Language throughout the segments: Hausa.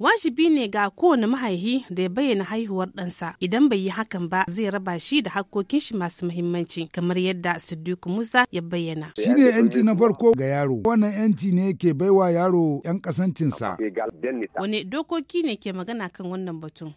Wajibi ne ga kowane mahaihi da ya bayyana haihuwar ɗansa idan bai yi hakan ba zai raba shi da hakkokin shi masu muhimmanci kamar yadda Siddiq Musa ya bayyana. Shi ne yanci na farko ga yaro. Wannan yanci ne ke baiwa yaro 'yan kasancinsa. Wane dokoki ne ke magana kan wannan batun?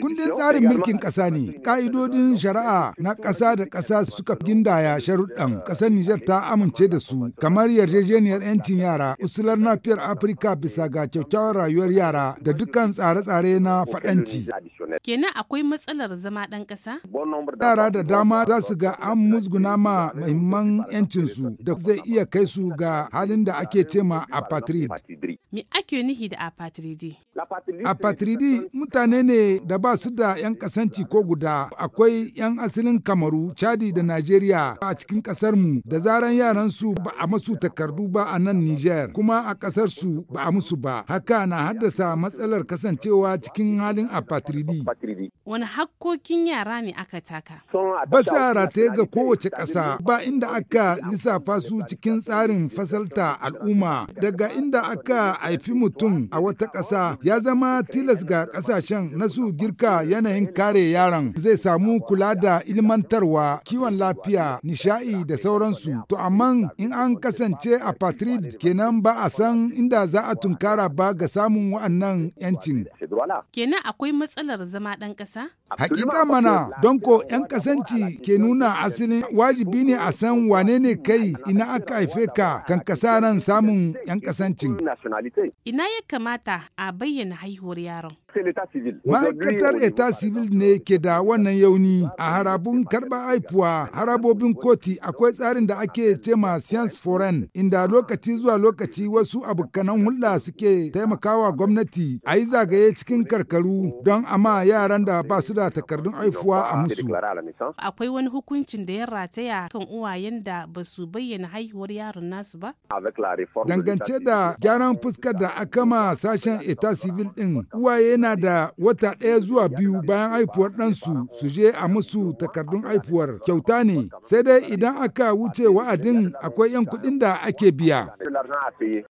Kundin tsarin mulkin ƙasa ne, ƙa'idodin shari'a na ƙasa da ƙasa suka gindaya sharuɗan ƙasar Nijar ta amince da su, kamar yarjejeniyar 'yancin yara, usular nafiyar Afirka bisa ga kyakkyawar rayuwar yara da dukkan tsare-tsare na faɗanci. Kenan akwai matsalar zama ɗan ƙasa? Yara da dama za su ga an musguna ma mahimman 'yancinsu da zai iya kai su ga halin da ake cema apatrid. Me ake nihi da apatridi? Apatridi mutane ne da ba su da 'yan kasanci ko guda akwai 'yan asalin kamaru chadi da Najeriya a cikin kasar mu da zaran yaran su ba a masu takardu ba a nan Niger kuma a kasar su ba a musu ba haka na haddasa matsalar kasancewa cikin halin apatridi. Wani hakkokin yara ne aka taka? Ba sa rataye ga kowace ƙasa ba inda aka lissafa su cikin tsarin fasalta al'umma daga inda aka haifi mutum a wata ƙasa ya zama tilas ga kasashen na su girka yanayin kare yaran zai samu kula da ilmantarwa kiwon lafiya nisha'i da sauransu to amma in an kasance a patrid kenan ba a san inda za a tunkara ba ga samun wa'annan yancin kenan akwai matsalar zama ɗan ƙasa hakika mana don ko 'yan kasanci ke nuna asalin wajibi ne a san wane ne kai ina aka haife ka kan ƙasa nan samun 'yan kasancin ina ya kamata a bayyana bayyana haihuwar yaron. Ma'aikatar Eta Civil ne ke da wannan yauni a harabun karɓar haifuwa harabobin koti akwai tsarin da ake cema Science Foreign inda lokaci zuwa lokaci wasu abokanan hulɗa suke taimakawa gwamnati a yi zagaye cikin karkaru don ama yaran da ba su da takardun haifuwa a musu. Akwai wani hukuncin da ya rataya kan uwayen da ba su bayyana haihuwar yaron nasu ba? Dangance da gyaran fuskar da aka ma sashen Eta civil ɗin uwaye na da wata ɗaya zuwa biyu bayan haifuwar ɗansu su je a musu takardun haifuwar kyauta ne sai dai idan aka wuce wa'adin akwai 'yan kuɗin da ake biya.